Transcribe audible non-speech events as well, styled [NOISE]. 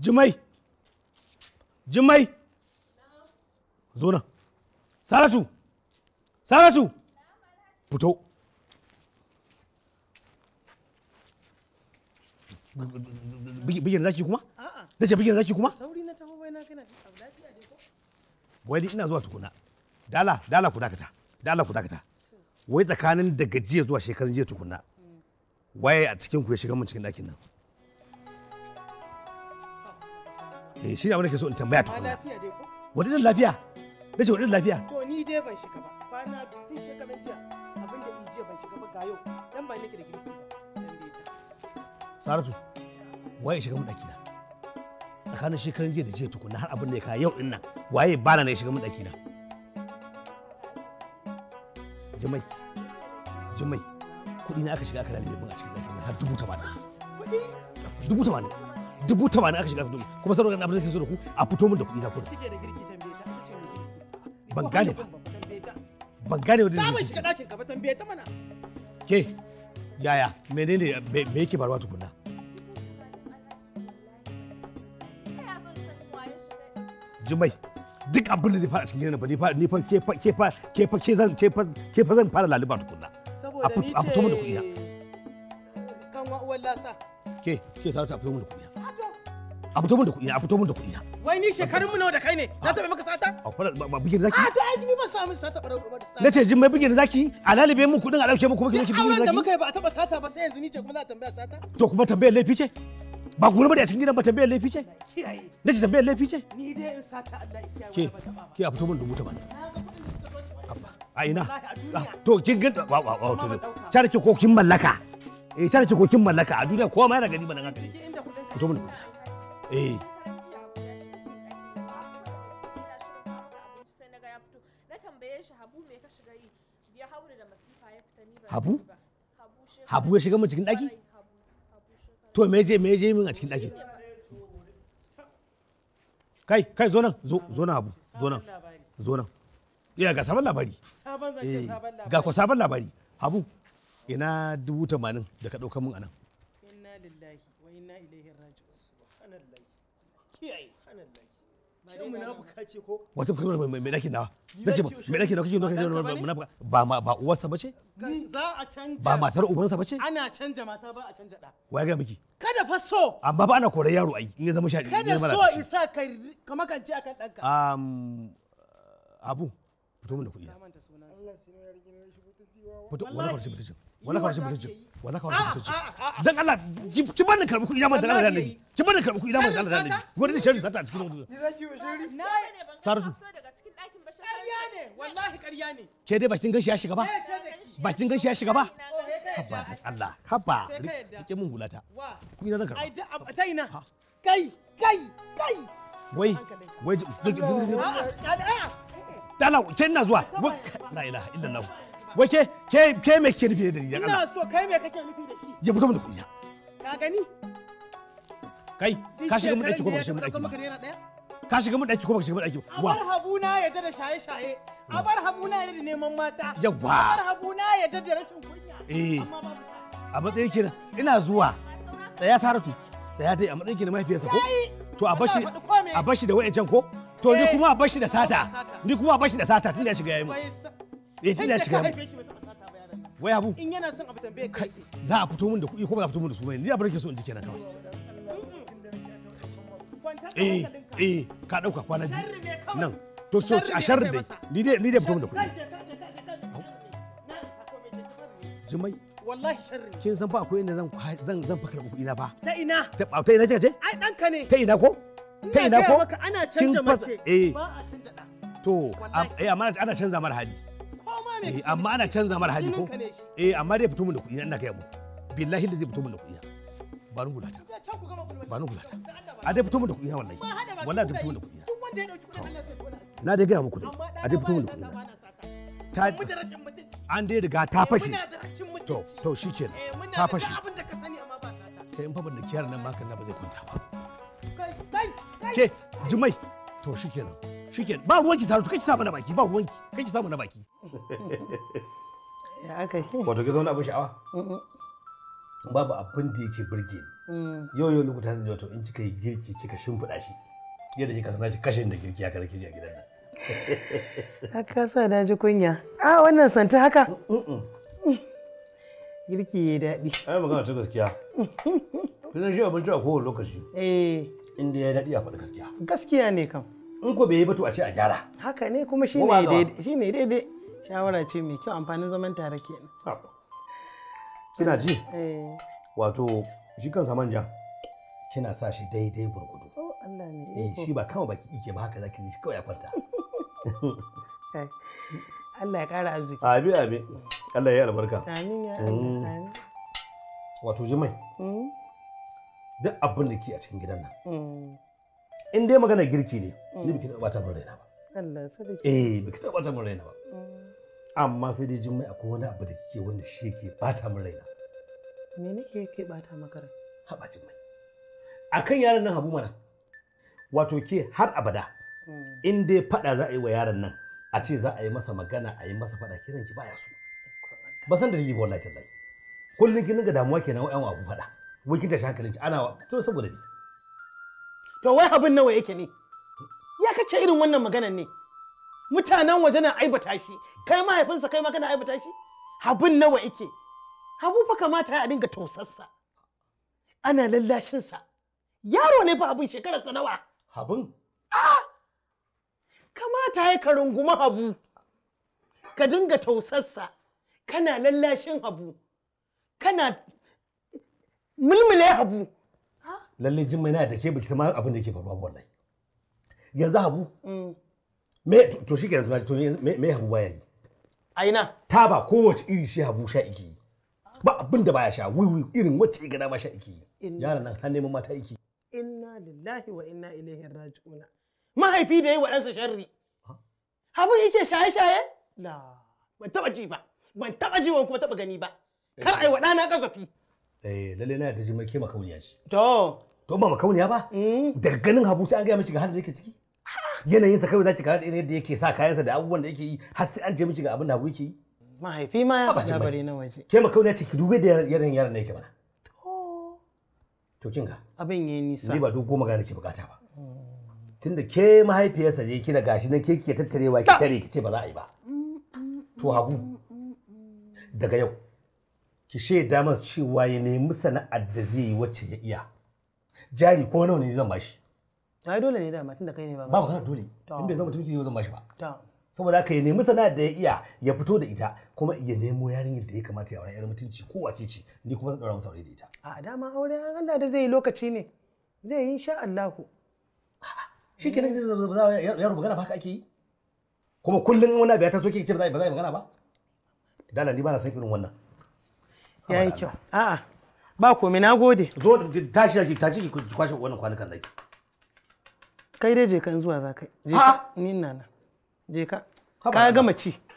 Jimai! Jimai! Zo nan. Saratu! giờ Fito! Bigin zaki kuma? na ce bigina zaki kuma sauri na taho bai na kana lafiya dai ko wai ni ina zuwa tukuna dala dala ku dakata dala ku dakata wai tsakanin daga jiya zuwa shekarun jiya tukuna waye a cikin ku ya shiga mun cikin ɗakin nan eh shi abin da ke so in tambaya tukuna wani lafiya na ce wani lafiya to ni dai ban shiga ba kwana tun shekarun jiya abin da ijiya ban shiga ba ga yau dan ba nake da girki ba saratu waye shiga mun ɗaki nan? tsakanin shekaran jiya da jiya tukuna har abin da ya kawo yau din nan waye bana na shiga mun na jimai jimai kuɗi na aka shiga aka lalabe mun a cikin daki har dubu tamanin dubu tamanin dubu tamanin aka shiga dubu kuma saboda abin da ke so da ku a fito mun da kuɗi na kuɗi ban gane ba ban gane wanda zai shiga ɗakin ka ba tambaye ta mana ke yaya menene me yake faruwa tukunna jimai duk abin da zai fara cikin gidan ba ni fa ke fa ke fa ke fa ke zan ke fa ke fa zan fara laluba tukunna a fito mu da kuɗi kan wa uwar lasa ke ke sa ta fito mu da kuɗi a fito mu da kuɗi a fito mu da kuɗi wai ni shekarun mu nawa da kai ne na taɓa maka sata a fara ba bigin zaki a to ai ni ba samu sata barau ba da sata nace jin mai bigin zaki a lalibe mu kuɗin a dauke mu kuma ki zaki bigin zaki auren da muka yi ba a taɓa sata ba sai yanzu ni ce kuma za a tambaya sata to kuma tambayar laifi ce ba gure ba da cikin gidan ba tambayar laifi ce na ce tambayar laifi ce ni dai in sata Allah ke ke a fito min dubu ba? a ina ah, to kin ga wa wa wa to tare ki kokin mallaka eh tare ki kokin mallaka a duniya kowa ma yana gani ba nan haka ne fito min eh Habu? Habu ya shiga mu cikin ɗaki? to me je me je min a cikin ɗakin kai kai zo nan zo zo nan abu zo nan zo nan iya ga eh, sabon labari ga ko sabon labari abu ina dubu tamanin da ka ɗauka mun anan inna lillahi wa inna ilaihi raji'un subhanallahi kiyaye subhanallahi ke munafuka ce ko wata fuka mai nake na nace ba mai nake na kake nuna munafuka ba ma ba uwarsa bace za a canja ba matar ubansa bace ana canja mata ba a canja da waya ga miki kada fa so amma ba ana korar yaro ai in ya zama shaɗi kada so isa kai kamar kan ce akan danka um abu fito min da kuɗi fito wala ka rashin wala ka rashin mutuncin wala ka rashin mutuncin dan Allah da kuɗi na man Allah nabi ki da karbi kuɗi na a cikin wani ni zaki wa saratu ƙarya ne wallahi ƙarya ne ke dai bakin ganshi ya shiga ba bakin ganshi ya shiga ba haba Allah haba mun kuɗi na zan ta ina kai kai kai wai wai dala ke ina zuwa la ilaha illallah wai ke ke ke me kike nufi da ni ina so kai me kake nufi da shi ya fito mun da kunya ka gani kai ka shiga mun daki ko ba shiga mun daki ba ka shiga mun daki ko ba shiga mun daki ba abar habuna ya da shaye shaye abar habuna ya da neman mata yawa abar habuna ya da rashin kunya eh a matsayin kina ina zuwa tsaya saratu tsaya dai a matsayin kina mahaifiyarsa ko to a bashi a bashi da wayancan ko to ni eh. kuma ba shi da sata ni kuma ba shi da sata tunda ya shiga yayi mu eh tunda ya shiga mu wai abu in yana son abu tambaye kai za a fito mun da kuɗi ko ba za a fito mun da su bane ni ya barke su in ji kenan kawai eh eh ka dauka kwana biyu nan to so a sharri dai ni dai ni dai fito mun da kuɗi jimai wallahi sharri kin san fa akwai inda zan zan zan fa karɓi kuɗi na fa ta ina ta ina kika ce ai danka ne ta ina ko ta ina ko kin fasa eh to eh amma ana canza mara hali eh amma ana canza mara hali ko eh amma dai fito mun da kuɗi ina kai mu billahi da zai fito mun da kuɗi ba ni gulata ba ni gulata a dai fito mun da kuɗi wallahi wallahi da fito mun da kuɗi na dai gaya muku dai a dai fito mun da kuɗi ta an dai riga ta eh, fashe to to shikenan eh, ta fashe kai in fa ban da kiyar nan ba kan na ba zai kwanta ba ke jimai to shikenan shikenan ba ruwanki saratu kai ki sa na baki ba ruwanki kai ki sa na baki ya aka yi wato ki zauna abin sha'awa babu abin da yake burge ni mm. yau yau lokuta zan wato in kika yi girki kika shimfiɗa shi yadda kika sanar shi kashin da girki ya karki a gidan nan [LAUGHS] haka sa na ji kunya a wannan santa haka girki ya daɗi ai magana ta gaskiya [LAUGHS] kina shi abinci a kowane lokaci eh inda ya daɗi a faɗi gaskiya gaskiya ne kam in ko bai yi batu a ce a gyara haka ne kuma shi daidai daidai shawara ce mai kyau amfanin zaman tare ke. kina ji eh. wato shi zaman jan kina sa shi daidai gurgudu oh, Allah mai eh, iko shi ba kama baki ike ba haka zaki shi kawai ya kwanta [LAUGHS] eh, Allah ya ƙara arziki abi abi Allah ya yi albarka amin ya mm. Allah wato jimai mm. duk abin da ke a cikin gidan nan mm. in dai magana girki ne ni mm. biki taɓa ta mun raina ba Allah sarki eh biki taɓa ta mun raina ba mm. amma sai dai mai akwai wani abu da kike wanda shi yake bata mun raina me nake yake bata maka rai haba mai. akan yaran nan habu mana wato ke har abada in dai fada za a yi wa yaran nan a ce za a yi masa magana a yi masa fada kiran ki baya so ba san da yi wallahi tallahi kullun kin ga damuwa kenan wa'an abu fada wai kin tashi hankalin ana wa to saboda ni to wai abin nawa yake ne ya kace irin wannan maganar ne mutanen waje na aibata shi kai mahaifinsa kai ma kana aibata shi abin nawa yake abu fa kamata a dinga tausarsa ana lallashinsa yaro ne fa abin sa nawa abin kamata ya ka rungumi habu ka dinga tausarsa kana lallashin habu kana mulmule habu lalle jin mai na da ke baki ma abin da yake faruwa wallahi yanzu habu mm. me to shi kenan to me habu baya yi aina ta ba kowace iri shi habu sha iki ba abin da baya sha wiwi irin wacce ga dama sha iki yaran nan har neman mata iki inna lillahi wa inna ilaihi raji'un mahaifi da yayi wa ɗansa sharri habu yake shaye shaye la ban taba ji ba ban taba ji ban kuma taba gani ba kar ai wa kasafi eh lalle na da jima ke makauniya shi. to to ba makauniya ba mm. daga ganin habu sai an gaya mishi ga halin da yake ciki yanayin sa kawai zaki ga yadda yake sa kayansa da abubuwan da yake yi har sai an je mishi ga abin da habu yake yi mahaifi ma ya faɗa bare na waje ke makauniya ce ki dube da yanayin yaran da yake mana to kin ga abin yayi nisa ni ba duk goma ga nake bukata ba mm. tunda ke mahaifiyarsa je kina gashi nan ke ke tattarewa ki tare ki ce ba za a yi ba mm, to habu daga yau ki shaida damar cewa ya nemi sana'ar da zai yi wacce ya iya jari ko nawa ne zan bashi ai dole ne dama tunda kai ne ba ba ba dole in bai zama mutum ki zan bashi ba saboda haka ya nemi sana'ar da ya iya ya fito da ita kuma ya nemo yarinyar da ya kamata ya aure yar mutunci ko wace ce ni kuma zan daura masa aure da ita a dama aure Allah da zai yi lokaci ne zai yi insha Allah shi kenan yaro magana ba haka ake yi kuma kullum wani abu ya taso kike ce ba za a yi magana ba dala ni ba na san irin wannan ya yi kyau a'a ba komai na gode zo shi ta ciki ku kwashe wannan kwanukan naki kai dai je kan zuwa za kai je ka ni ina nan je ka ka gama ci